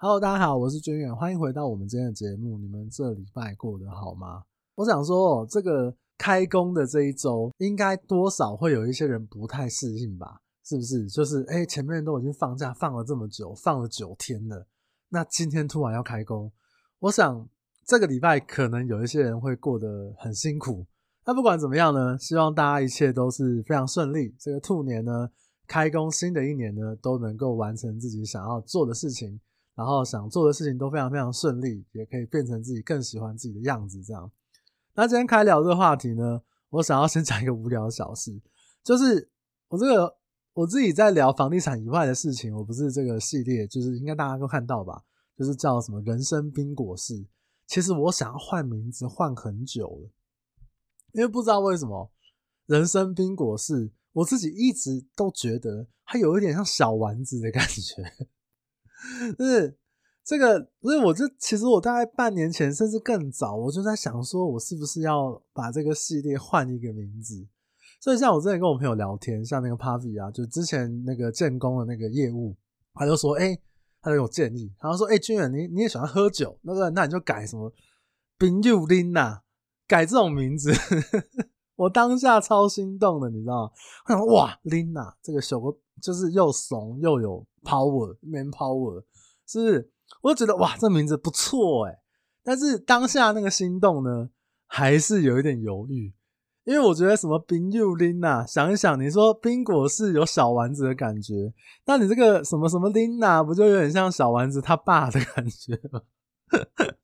Hello，大家好，我是軍遠，歡迎回到我們今天的節目。你們這禮拜過得好嗎？我想說哦，這個開工的這一周，應該多少會有一些人不太適應吧？是不是？就是，誒，前面都已經放假，放了這麼久，放了九天了，那今天突然要開工，我想這個禮拜可能有一些人會過得很辛苦。那不管怎麼樣呢，希望大家一切都是非常順利。這個兔年呢，開工，新的一年呢，都能夠完成自己想要做的事情。然後想做的事情都非常非常順利，也可以變成自己更喜歡自己的樣子。這樣，那今天開聊這個話題呢，我想要先講一個無聊小事，就是我這個我自己在聊房地產以外的事情，我不是這個系列，就是應該大家都看到吧，就是叫什麼“人生冰菓室”。其實我想要換名字，換很久了，因為不知道為什麼“人生冰菓室”我自己一直都覺得它有一點像小丸子的感覺。 就是，這個，所以我就其實我大概半年前，甚至更早，我就在想說，我是不是要把這個系列換一個名字。所以像我之前跟我朋友聊天，像那個 Papi 啊，就之前那個建工的那個業務，他就說，哎、欸，他就有建議，他說，哎、欸，軍遠，你你也喜歡喝酒，那個，那你就改什麼冰酒丁吶，改這種名字。 我當下超心動的，你知道嗎？哇，Lina 這個小哥就是又慫又有 power，man power，Manpower，是不是？我就覺得哇，這名字不錯誒。欸，但是當下那個心動呢，還是有一點猶豫，因為我覺得什麼冰又 Lina，想一想，你說冰果是有小丸子的感覺，那你這個什麼什麼 Lina，不就有點像小丸子他爸的感覺嗎？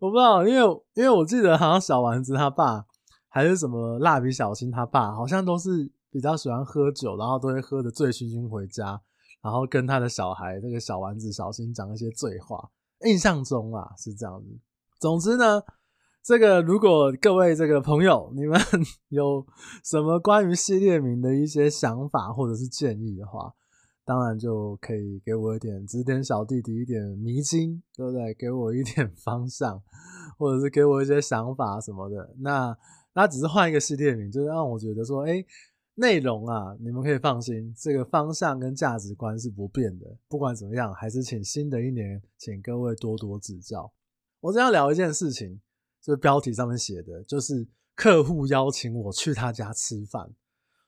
我不知道，因為因為我記得好像小丸子他爸。還是什麼蠟筆小新他爸，好像都是比較喜歡喝酒，然後都會喝得醉醺醺回家，然後跟他的小孩這個小丸子小新講一些醉話。印象中啊是這樣子。總之呢，這個如果各位這個朋友你們 有什麼關於系列名的一些想法或者是建議的話，當然就可以給我一點指點小弟弟一點迷津，對不對？給我一點方向，或者是給我一些想法什麼的。那。他只是換一個系列名，就是讓我覺得說，欸，內容啊，你們可以放心，這個方向跟價值觀是不變的。不管怎麼樣，還是請新的一年，請各位多多指教。我這要聊一件事情，就是標題上面寫的，就是客戶邀請我去他家吃飯。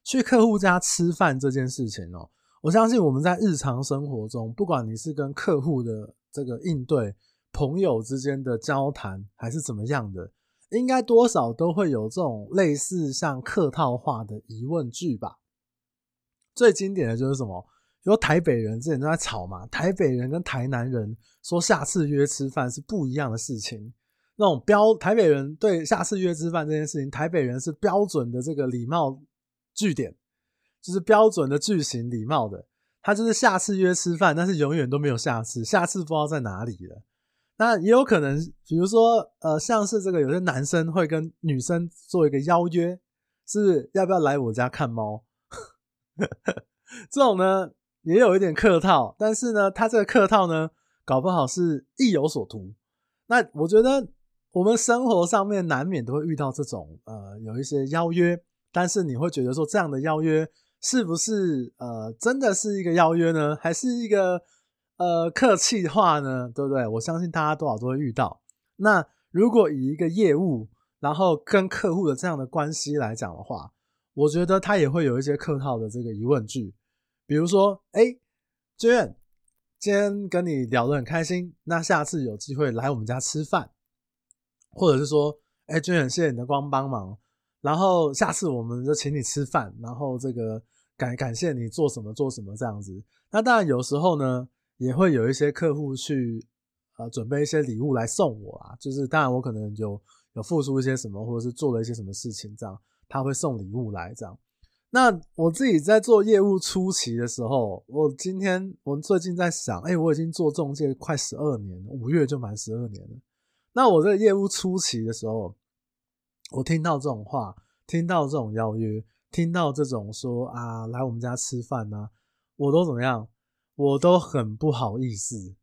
去客戶家吃飯這件事情哦，我相信我們在日常生活中，不管你是跟客戶的這個應對，朋友之間的交談，還是怎麼樣的。應該多少都會有這種類似像客套話的疑問句吧。最經典的就是什麼？比如台北人之前都在吵嘛，台北人跟台南人說下次約吃飯是不一樣的事情。那種標台北人對下次約吃飯這件事情，台北人是標準的這個禮貌句點，就是標準的句型禮貌的。他就是下次約吃飯，但是永遠都沒有下次，下次不知道在哪裡了。那也有可能，比如說，呃，像是這個有些男生會跟女生做一個邀約，是要不要來我家看貓？ 這種呢，也有一點客套，但是呢，他這個客套呢，搞不好是意有所圖。那我覺得我們生活上面難免都會遇到這種，呃，有一些邀約，但是你會覺得說這樣的邀約是不是，呃，真的是一個邀約呢？還是一個？呃，客氣話呢，對不對？我相信大家多少都會遇到。那如果以一個業務，然後跟客戶的這樣的關係來講的話，我覺得他也會有一些客套的這個疑問句，比如說，哎，軍遠，今天跟你聊得很開心，那下次有機會來我們家吃飯，或者是說，哎，軍遠，謝謝你的光幫忙，然後下次我們就請你吃飯，然後這個感感謝你做什麼做什麼這樣子。那當然有時候呢。也會有一些客戶去，呃，準備一些禮物來送我啊。就是當然，我可能有有付出一些什麼，或者是做了一些什麼事情，這樣他會送禮物來。這樣，那我自己在做業務初期的時候，我今天我最近在想，哎、欸，我已經做仲介快十二年了，五月就滿十二年了。那我在業務初期的時候，我聽到這種話，聽到這種邀約，聽到這種說啊，來我們家吃飯啊，我都怎麼樣？我都很不好意思，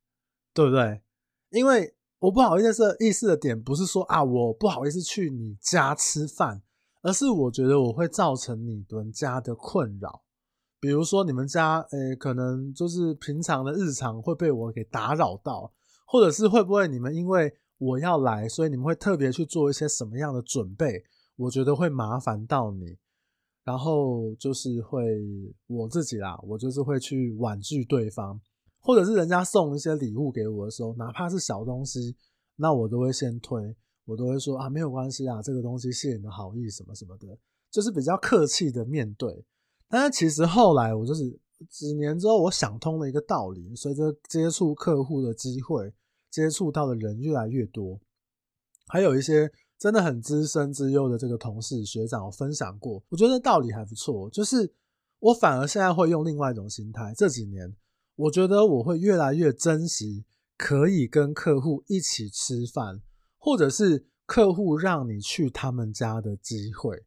對不對？因為我不好意思的意思的點，不是說啊，我不好意思去你家吃飯，而是我覺得我會造成你們家的困擾。比如說你們家，誒，可能就是平常的日常會被我給打擾到，或者是會不會你們因為我要來，所以你們會特別去做一些什麼樣的準備，我覺得會麻煩到你。然後就是會我自己啦，我就是會去婉拒對方，或者是人家送一些禮物給我的時候，哪怕是小東西，那我都會先推，我都會說啊沒有關係啊，這個東西謝謝你的好意思什麼什麼的，就是比較客氣的面對。但是其實後來我就是幾年之後，我想通了一個道理，隨着接觸客戶的機會，接觸到的人越來越多，還有一些。真的很資深資優的這個同事學長我分享過，我覺得道理還不錯。就是我反而現在會用另外一種心態。這幾年，我覺得我會越來越珍惜可以跟客戶一起吃飯，或者是客戶讓你去他們家的機會。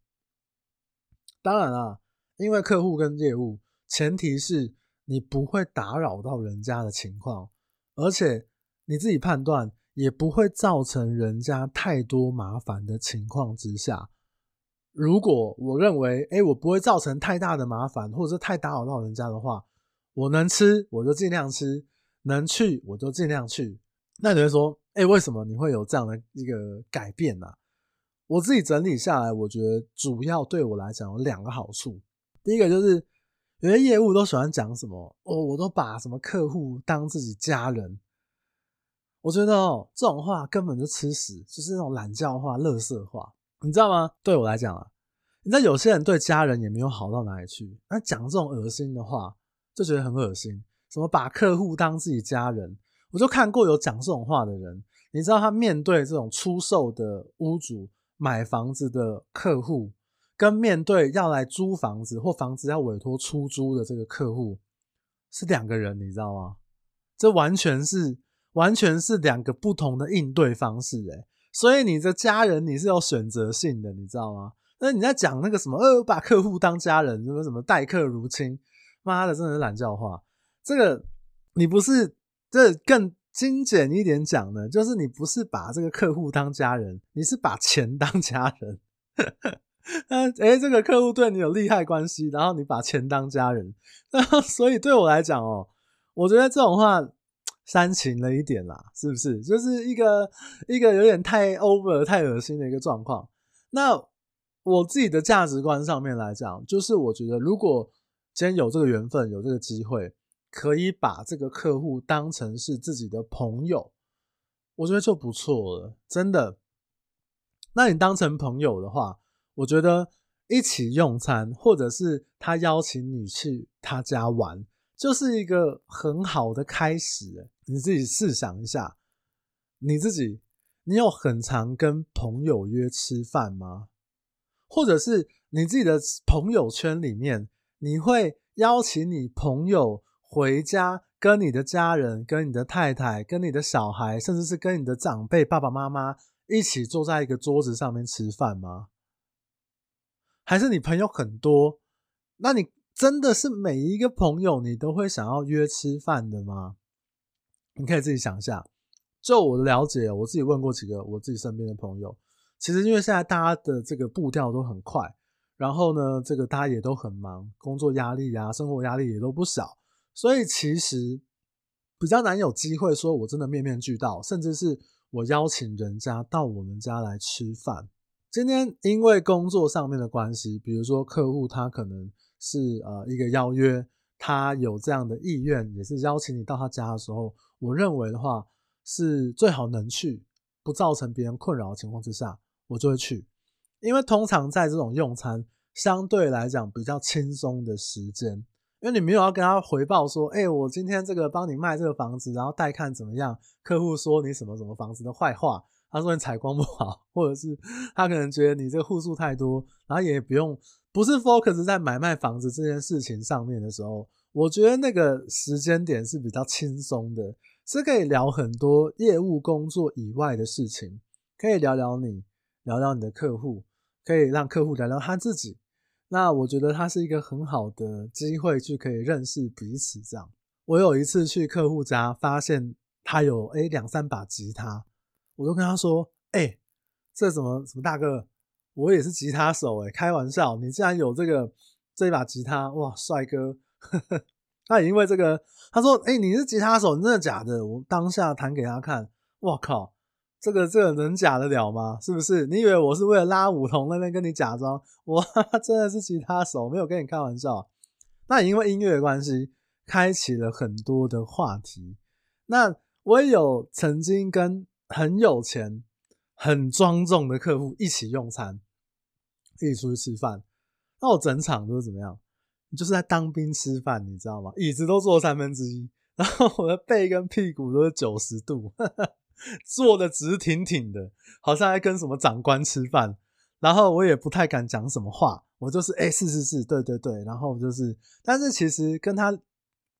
當然啦、啊，因為客戶跟業務，前提是你不會打擾到人家的情況，而且你自己判斷。也不會造成人家太多麻煩的情況之下，如果我認為，哎，我不會造成太大的麻煩，或者是太打擾到人家的話，我能吃我就盡量吃，能去我就盡量去。那你會說，哎，為什麼你會有這樣的一個改變呢、啊？我自己整理下來，我覺得主要對我來講有兩個好處。第一個就是，有些業務都喜歡講什麼，哦，我都把什麼客戶當自己家人。我覺得哦，這種話根本就吃屎，就是那種懶叫話、垃圾話，你知道嗎？對我來講啊，你知道有些人對家人也沒有好到哪裡去，那講這種噁心的話，就覺得很噁心。什麼把客戶當自己家人，我就看過有講這種話的人。你知道他面對這種出售的屋主、買房子的客戶，跟面對要來租房子或房子要委託出租的這個客戶，是兩個人，你知道嗎？這完全是。完全是兩個不同的應對方式，哎，所以你的家人你是有選擇性的，你知道嗎？那你在講那個什麼，呃，把客戶當家人，什麼什麼待客如親，媽的，真的是懶叫話。這個你不是這更精簡一點講呢，就是你不是把這個客戶當家人，你是把錢當家人。 那哎、欸，這個客戶對你有利害關係，然後你把錢當家人。 那所以對我來講哦，我覺得這種話。煽情了一點啦，是不是？就是一個一個有點太 over、太噁心的一個狀況。那我自己的價值觀上面來講，就是我覺得，如果今天有這個緣分、有這個機會，可以把這個客戶當成是自己的朋友，我覺得就不錯了，真的。那你當成朋友的話，我覺得一起用餐，或者是他邀請你去他家玩。就是一個很好的開始。你自己試想一下，你自己，你有很常跟朋友約吃飯嗎？或者是你自己的朋友圈裡面，你會邀請你朋友回家，跟你的家人、跟你的太太、跟你的小孩，甚至是跟你的長輩、爸爸媽媽一起坐在一個桌子上面吃飯嗎？還是你朋友很多，那你？真的是每一個朋友你都會想要約吃飯的嗎？你可以自己想一下。就我的了解，我自己問過幾個我自己身邊的朋友，其實因為現在大家的這個步調都很快，然後呢，這個大家也都很忙，工作壓力啊，生活壓力也都不小，所以其實比較難有機會說我真的面面俱到，甚至是我邀請人家到我們家來吃飯。今天因為工作上面的關係，比如說客戶他可能。是呃一個邀約，他有這樣的意願，也是邀請你到他家的時候，我認為的話是最好能去，不造成別人困擾的情況之下，我就會去，因為通常在這種用餐相對來講比較輕鬆的時間，因為你沒有要跟他回報說，哎、欸，我今天這個幫你賣這個房子，然後帶看怎麼樣，客戶說你什麼什麼房子的壞話，他說你採光不好，或者是他可能覺得你這個戶數太多，然後也不用。不是 Focus 在買賣房子這件事情上面的時候，我覺得那個時間點是比較輕鬆的，是可以聊很多業務工作以外的事情，可以聊聊你，聊聊你的客戶，可以讓客戶聊聊他自己。那我覺得他是一個很好的機會去可以認識彼此。這樣，我有一次去客戶家，發現他有誒兩三把吉他，我都跟他說，欸，這怎麼怎麼大哥？我也是吉他手哎、欸，開玩笑！你竟然有這個這一把吉他，哇，帥哥！ 那也因為這個，他說：“哎、欸，你是吉他手，你真的假的？”我當下彈給他看，哇靠，這個這個能假得了嗎？是不是？你以為我是為了拉五同那邊跟你假裝？我哈哈真的是吉他手，沒有跟你開玩笑。那也因為音樂的關係，開啟了很多的話題。那我也有曾經跟很有錢、很莊重的客戶一起用餐。自己出去吃飯，那我整場都是怎麼樣？就是在當兵吃飯，你知道嗎？椅子都坐三分之一，然後我的背跟屁股都是九十度，呵呵坐得直挺挺的，好像在跟什麼長官吃飯。然後我也不太敢講什麼話，我就是哎、欸，是是是，對對對。然後就是，但是其實跟他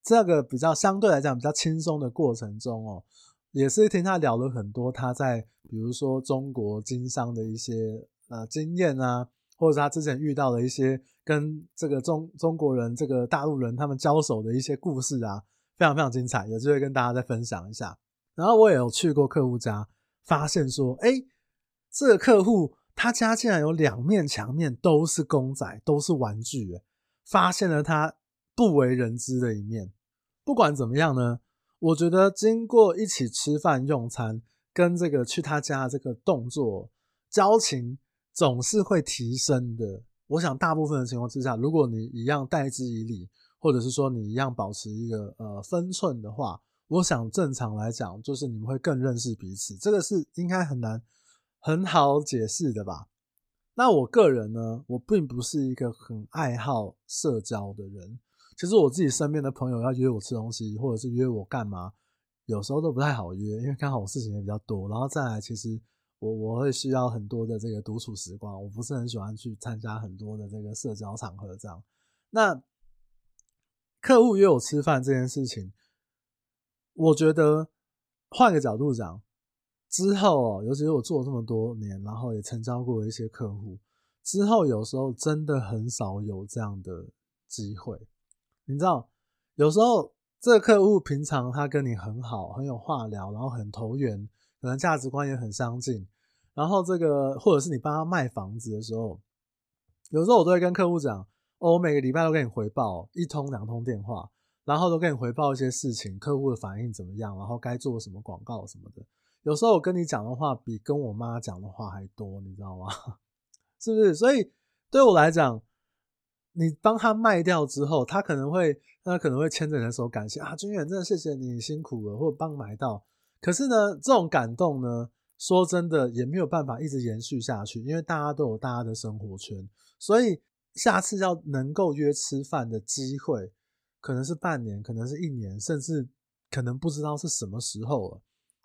這個比較相對來講比較輕鬆的過程中哦、喔，也是聽他聊了很多他在比如說中國經商的一些呃經驗啊。或者是他之前遇到的一些跟這個中中國人，這個大陸人他們交手的一些故事啊，非常非常精彩，有機會跟大家再分享一下。然後我也有去過客戶家，發現說，哎、欸，這個客戶他家竟然有兩面牆面都是公仔，都是玩具，欸，發現了他不為人知的一面。不管怎麼樣呢，我覺得經過一起吃飯用餐，跟這個去他家的這個動作交情，總是會提升的。我想，大部分的情況之下，如果你一樣待之以禮，或者是說你一樣保持一個呃分寸的話，我想正常來講，就是你們會更認識彼此。這個是應該很難很好解釋的吧？那我個人呢，我並不是一個很愛好社交的人。其實我自己身邊的朋友要約我吃東西，或者是約我幹嘛，有時候都不太好約，因為剛好我事情也比較多。然後再來，其實。我我會需要很多的這個獨處時光，我不是很喜歡去參加很多的這個社交場合。這樣，那客戶約我吃飯這件事情，我覺得換個角度講，之後哦、喔，尤其是我做了這麼多年，然後也成交過一些客戶，之後有時候真的很少有這樣的機會。你知道，有時候這客戶平常他跟你很好，很有話聊，然後很投緣。可能價值觀也很相近，然後這個或者是你幫他賣房子的時候，有時候我都會跟客戶講哦，我每個禮拜都跟你回報一通兩通電話，然後都跟你回報一些事情，客戶的反應怎麼樣，然後該做什麼廣告什麼的。有時候我跟你講的話比跟我媽講的話還多，你知道嗎？是不是？所以對我來講，你幫他賣掉之後，他可能會他可能會牽着你的手感謝啊，軍遠真的謝謝你辛苦了，或者幫你買到。可是呢，這種感動呢，說真的也沒有辦法一直延續下去，因為大家都有大家的生活圈，所以下次要能夠約吃飯的機會，可能是半年，可能是一年，甚至可能不知道是什麼時候了。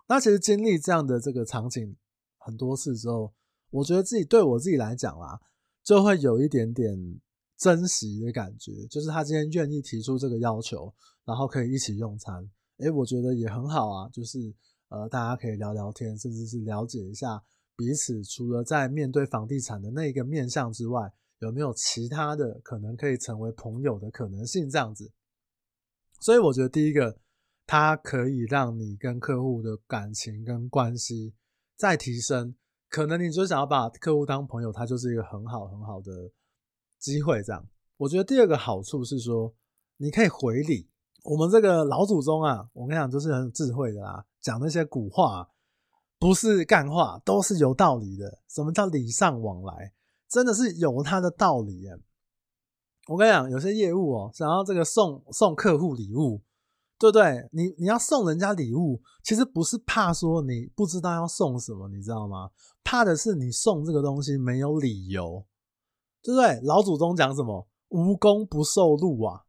那其實經歷這樣的這個場景很多次之後，我覺得自己對我自己來講啦，就會有一點點珍惜的感覺，就是他今天願意提出這個要求，然後可以一起用餐。誒、欸，我覺得也很好啊，就是呃，大家可以聊聊天，甚至是了解一下彼此，除了在面對房地產的那一個面向之外，有沒有其他的可能可以成為朋友的可能性？這樣子。所以我覺得第一個，它可以讓你跟客戶的感情跟關係再提升，可能你就想要把客戶當朋友，它就是一個很好很好的機會。這樣，我覺得第二個好處是說，你可以回禮。我們這個老祖宗啊，我跟你講，就是很智慧的啦。講那些古話，不是幹話，都是有道理的。什麼叫禮尚往來？真的是有它的道理耶。我跟你講，有些業務哦，想要這個送送客戶禮物，對不對？你你要送人家禮物，其實不是怕說你不知道要送什麼，你知道嗎？怕的是你送這個東西沒有理由，對不對？老祖宗講什麼？無功不受祿啊。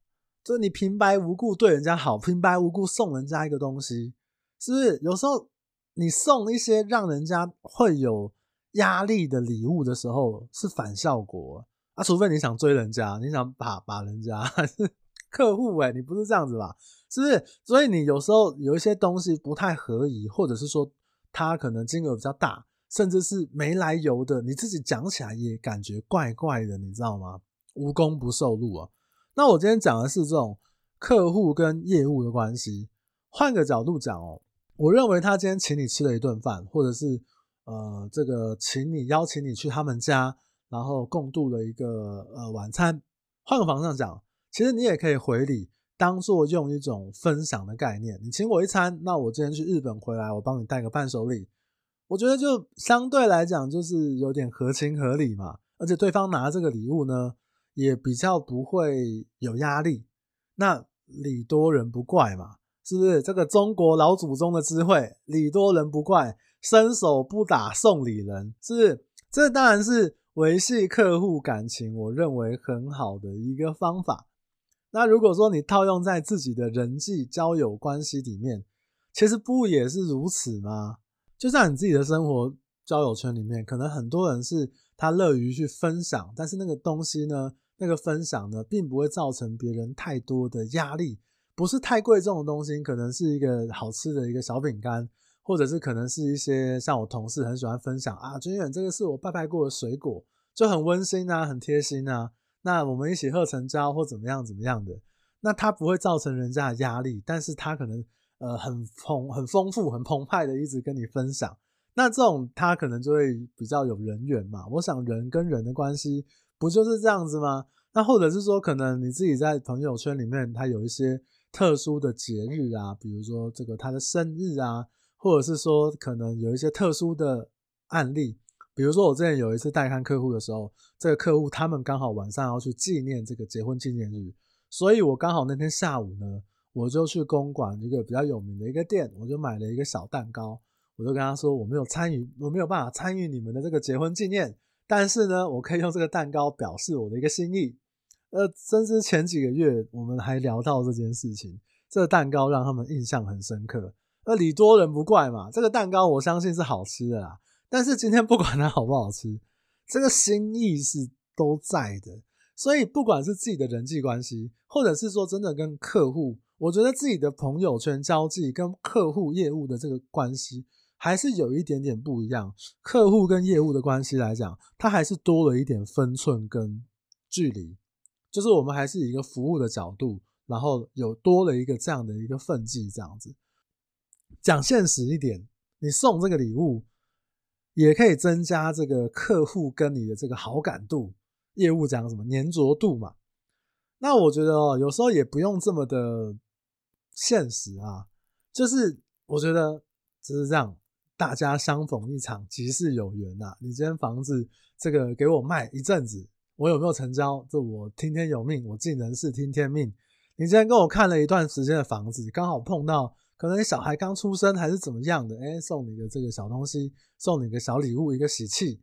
就你平白無故對人家好，平白無故送人家一個東西，是不是？有時候你送一些讓人家會有壓力的禮物的時候，是反效果啊，啊。除非你想追人家，你想把把人家，還是客戶哎，你不是這樣子吧？是不是？所以你有時候有一些東西不太合宜，或者是說他可能金額比較大，甚至是沒來由的，你自己講起來也感覺怪怪的，你知道嗎？無功不受祿啊。那我今天講的是這種客戶跟業務的關係。換個角度講哦，我認為他今天請你吃了一頓飯，或者是呃，這個請你邀請你去他們家，然後共度了一個呃晚餐。換個方向講，其實你也可以回禮，當作用一種分享的概念。你請我一餐，那我今天去日本回來，我幫你帶個伴手禮。我覺得就相對來講，就是有點合情合理嘛。而且對方拿這個禮物呢。也比較不會有壓力，那禮多人不怪嘛，是不是？這個中國老祖宗的智慧，禮多人不怪，伸手不打送禮人，是不是？這當然是維繫客戶感情，我認為很好的一個方法。那如果說你套用在自己的人際交友關係裡面，其實不也是如此嗎？就算你自己的生活交友圈裡面，可能很多人是他樂於去分享，但是那個東西呢？那個分享呢，並不會造成別人太多的壓力，不是太貴重的東西，可能是一個好吃的一個小餅乾，或者是可能是一些像我同事很喜歡分享啊，軍遠這個是我拜拜過的水果，就很溫馨啊，很貼心啊。那我們一起喝橙汁，或怎麼樣怎麼樣的，那他不會造成人家的壓力，但是他可能呃很豐很豐富很澎湃的一直跟你分享，那這種他可能就會比較有人緣嘛。我想人跟人的關係。不就是這樣子嗎？那或者是說，可能你自己在朋友圈裡面，他有一些特殊的節日啊，比如說這個他的生日啊，或者是說可能有一些特殊的案例，比如說我之前有一次帶看客戶的時候，這個客戶他們剛好晚上要去紀念這個結婚紀念日，所以我剛好那天下午呢，我就去公館一個比較有名的一個店，我就買了一個小蛋糕，我就跟他說我沒有參與，我沒有辦法參與你們的這個結婚紀念。但是呢，我可以用這個蛋糕表示我的一個心意。呃，甚至前幾個月我們還聊到這件事情，這個蛋糕讓他們印象很深刻。那，呃，禮多人不怪嘛，這個蛋糕我相信是好吃的啦。但是今天不管它好不好吃，這個心意是都在的。所以不管是自己的人際關係，或者是說真的跟客戶，我覺得自己的朋友圈交際跟客戶業務的這個關係。還是有一點點不一樣，客戶跟業務的關係來講，他還是多了一點分寸跟距離，就是我們還是以一個服務的角度，然後有多了一個這樣的一個分際，這樣子講現實一點，你送這個禮物也可以增加這個客戶跟你的這個好感度，業務講什麼粘着度嘛，那我覺得哦，有時候也不用這麼的現實啊，就是我覺得就是這樣。大家相逢一場，即是有緣吶。你今天房子這個給我賣一陣子，我有沒有成交？這我聽天由命，我盡人事聽天命。你今天跟我看了一段時間的房子，剛好碰到，可能你小孩剛出生還是怎麼樣的？哎，送你的這個小東西，送你個小禮物，一個喜氣。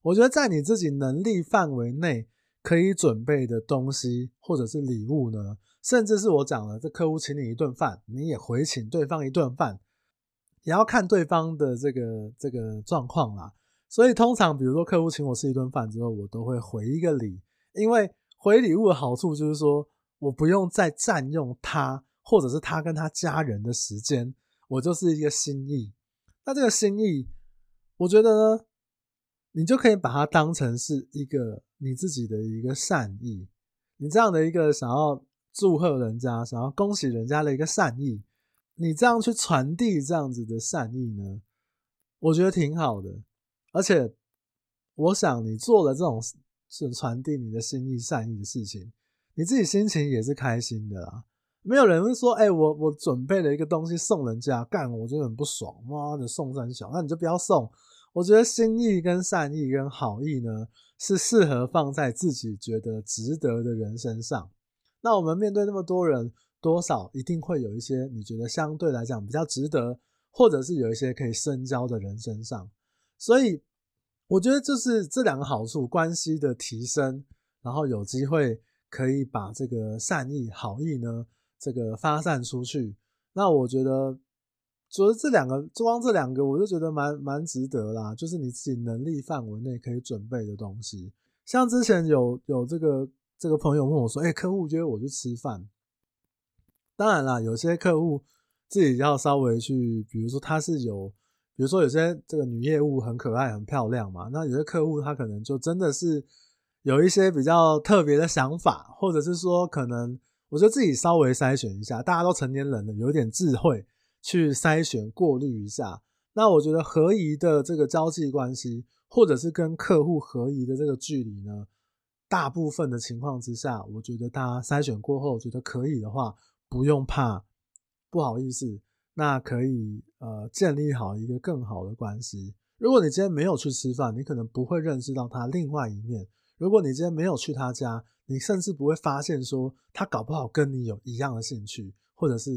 我覺得在你自己能力範圍內可以準備的東西，或者是禮物呢，甚至是我講了，這客戶請你一頓飯，你也回請對方一頓飯。也要看對方的這個這個狀況啦，所以通常比如說客戶請我吃一頓飯之後，我都會回一個禮，因為回禮物的好處就是說，我不用再佔用他或者是他跟他家人的時間，我就是一個心意。那這個心意，我覺得呢，你就可以把它當成是一個你自己的一個善意，你這樣的一個想要祝賀人家、想要恭喜人家的一個善意。你這樣去傳遞這樣子的善意呢，我覺得挺好的。而且，我想你做了這種是傳遞你的心意善意的事情，你自己心情也是開心的啦。沒有人會說，哎，我我準備了一個東西送人家，幹，我就很不爽。媽的，送三小，那你就不要送。我覺得心意跟善意跟好意呢，是適合放在自己覺得值得的人身上。那我們面對那麼多人。多少一定會有一些你覺得相對來講比較值得，或者是有一些可以深交的人身上，所以我覺得就是這兩個好處，關係的提升，然後有機會可以把這個善意、好意呢，這個發散出去。那我覺得，就是這兩個，裝這兩個，我就覺得蠻蠻值得啦。就是你自己能力範圍內可以準備的東西，像之前有有這個這個朋友問我說：“哎、欸，客戶約我去吃飯。”當然了，有些客戶自己要稍微去，比如說他是有，比如說有些這個女業務很可愛、很漂亮嘛，那有些客戶他可能就真的是有一些比較特別的想法，或者是說可能我覺得自己稍微篩選一下，大家都成年人了，有點智慧去篩選過濾一下。那我覺得合宜的這個交際關係，或者是跟客戶合宜的這個距離呢，大部分的情況之下，我覺得大家篩選過後覺得可以的話，不用怕，不好意思，那可以呃建立好一個更好的關係。如果你今天沒有去吃飯，你可能不會認識到他另外一面；如果你今天沒有去他家，你甚至不會發現說他搞不好跟你有一樣的興趣，或者是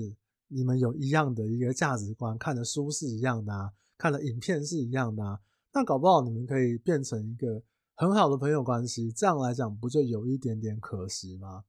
你們有一樣的一個價值觀，看的書是一樣的啊，看的影片是一樣的啊。那搞不好你們可以變成一個很好的朋友關係。這樣來講，不就有一點點可惜嗎？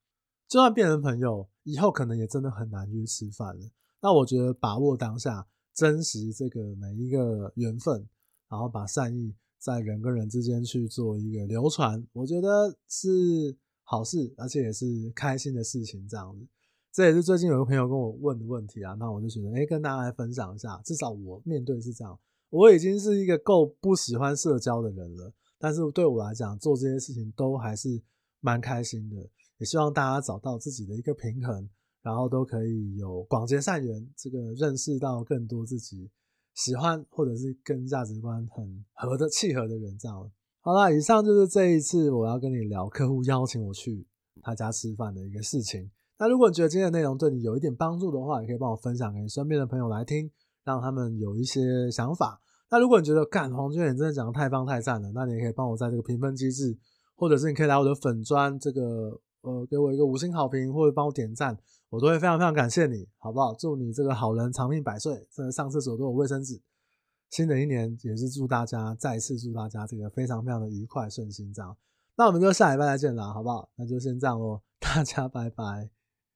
就算變成朋友，以後可能也真的很難去吃飯了。那我覺得把握當下，珍惜這個每一個緣分，然後把善意在人跟人之間去做一個流傳，我覺得是好事，而且也是開心的事情這樣子。這也是最近有個朋友跟我問的問題啊。那我就覺得，哎、欸，跟大家來分享一下。至少我面對是這樣，我已經是一個夠不喜歡社交的人了，但是對我來講，做這些事情都還是蠻開心的。也希望大家找到自己的一個平衡，然後都可以有廣結善緣，這個認識到更多自己喜歡或者是跟價值觀很合的契合的人。這樣好了，以上就是這一次我要跟你聊客戶邀請我去他家吃飯的一個事情。那如果你覺得今天的內容對你有一點幫助的話，也可以幫我分享給你身邊的朋友來聽，讓他們有一些想法。那如果你覺得干黃軍遠真的講得太棒太讚了，那你也可以幫我在這個評分機制，或者是你可以來我的粉專這個。呃，給我一個五星好評或者幫我點讚，我都會非常非常感謝你，好不好？祝你這個好人長命百歲，甚至上廁所都有衛生紙。新的一年也是祝大家再次祝大家這個非常非常的愉快順心這樣。那我們就下禮拜再見了，好不好？那就先這樣囉，大家拜拜。